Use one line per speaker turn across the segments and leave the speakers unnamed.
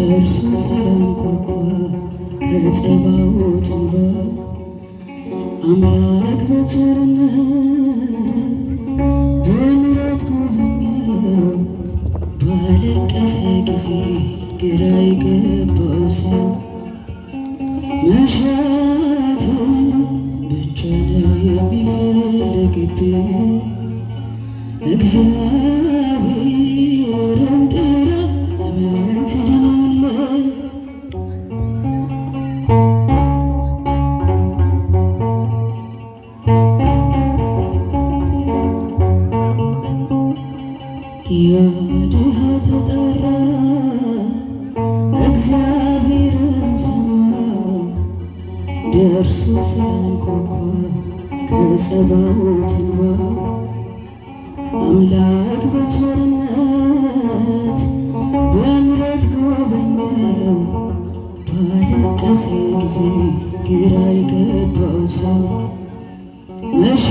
እርሱ ስላንኳኳ ከጸባኦት እንባ አምላክ በቸርነት በምሕረት ጎበኘው። ባለቀሰ ጊዜ ግራ የገባው ሰው መሻቱን ብቻ ነው የሚፈልግብኝ እግዚአብሔር የድሃ ተጠራ እግዚአብሔርም ሰማው ደርሶ ሲያንኳኳ ከጸባዖት እንባ አምላክ በቸርነት በምሕረት ጎበኘው ባለቀሰ ጊዜ ግራ የገባው ሰው መሻ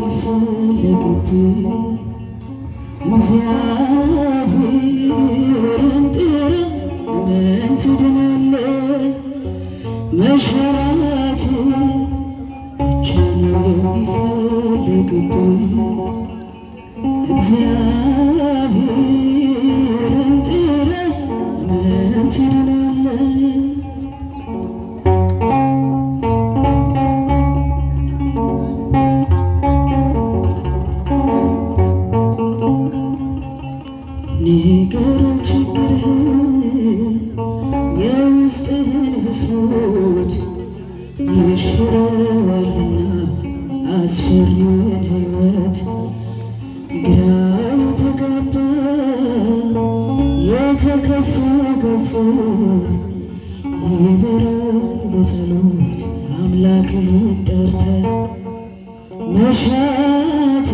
መፈለግድ እግዚአብሔርን ጥራ ምን ትድናለህ? መሻት ብቻ ነው የሚፈለግድ እግዚአብሔርን ጥራ ምን ትድናለህ? ገብቶኛልና አስፈሪውን ህይወት ግራ የተጋባ የተከፋ ገጽ ይበራል በጸሎት አምላክ ጠርተ መሻት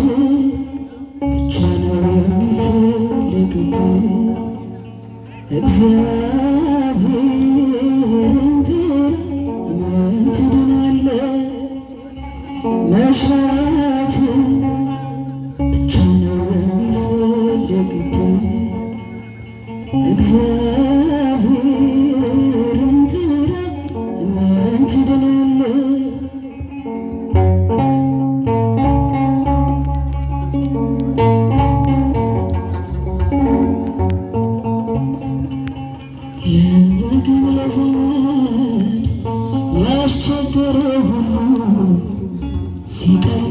ብቻ ነው የሚፈልግብ እግዚአብሔር መሻት ብቻ ነው የሚፈለግድ እግዚአብሔርን ጥራ እመን ትድናለህ። ለወገን ለዘመድ ያስቸገረው see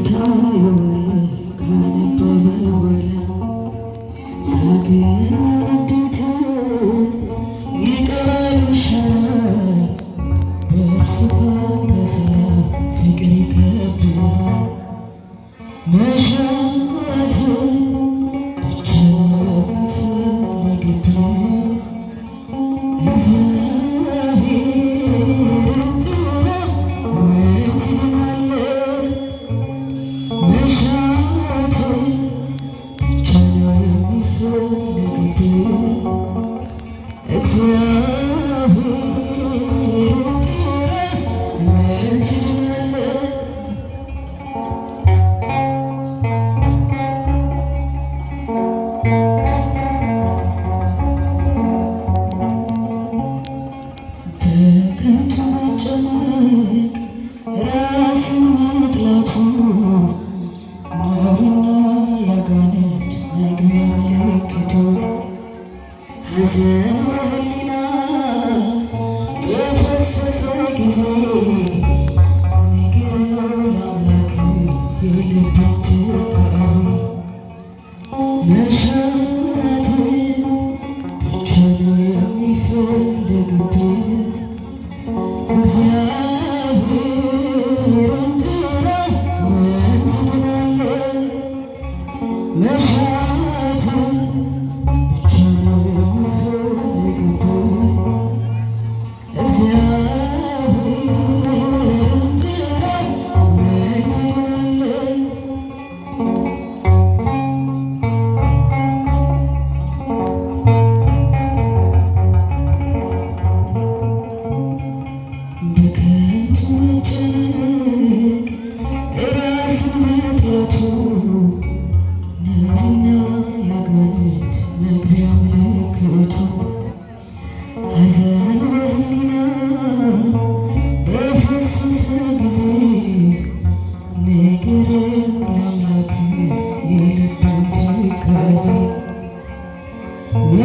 የፍቅር ሕሊና የፈሰሰ ጊዜ ጊዜ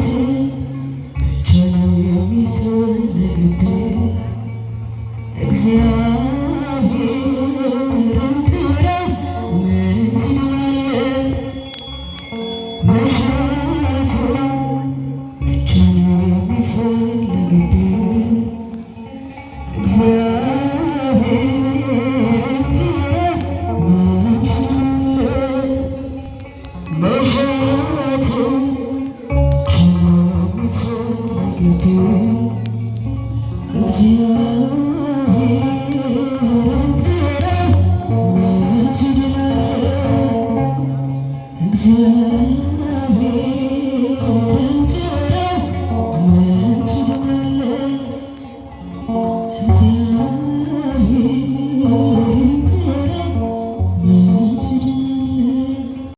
Thank é you.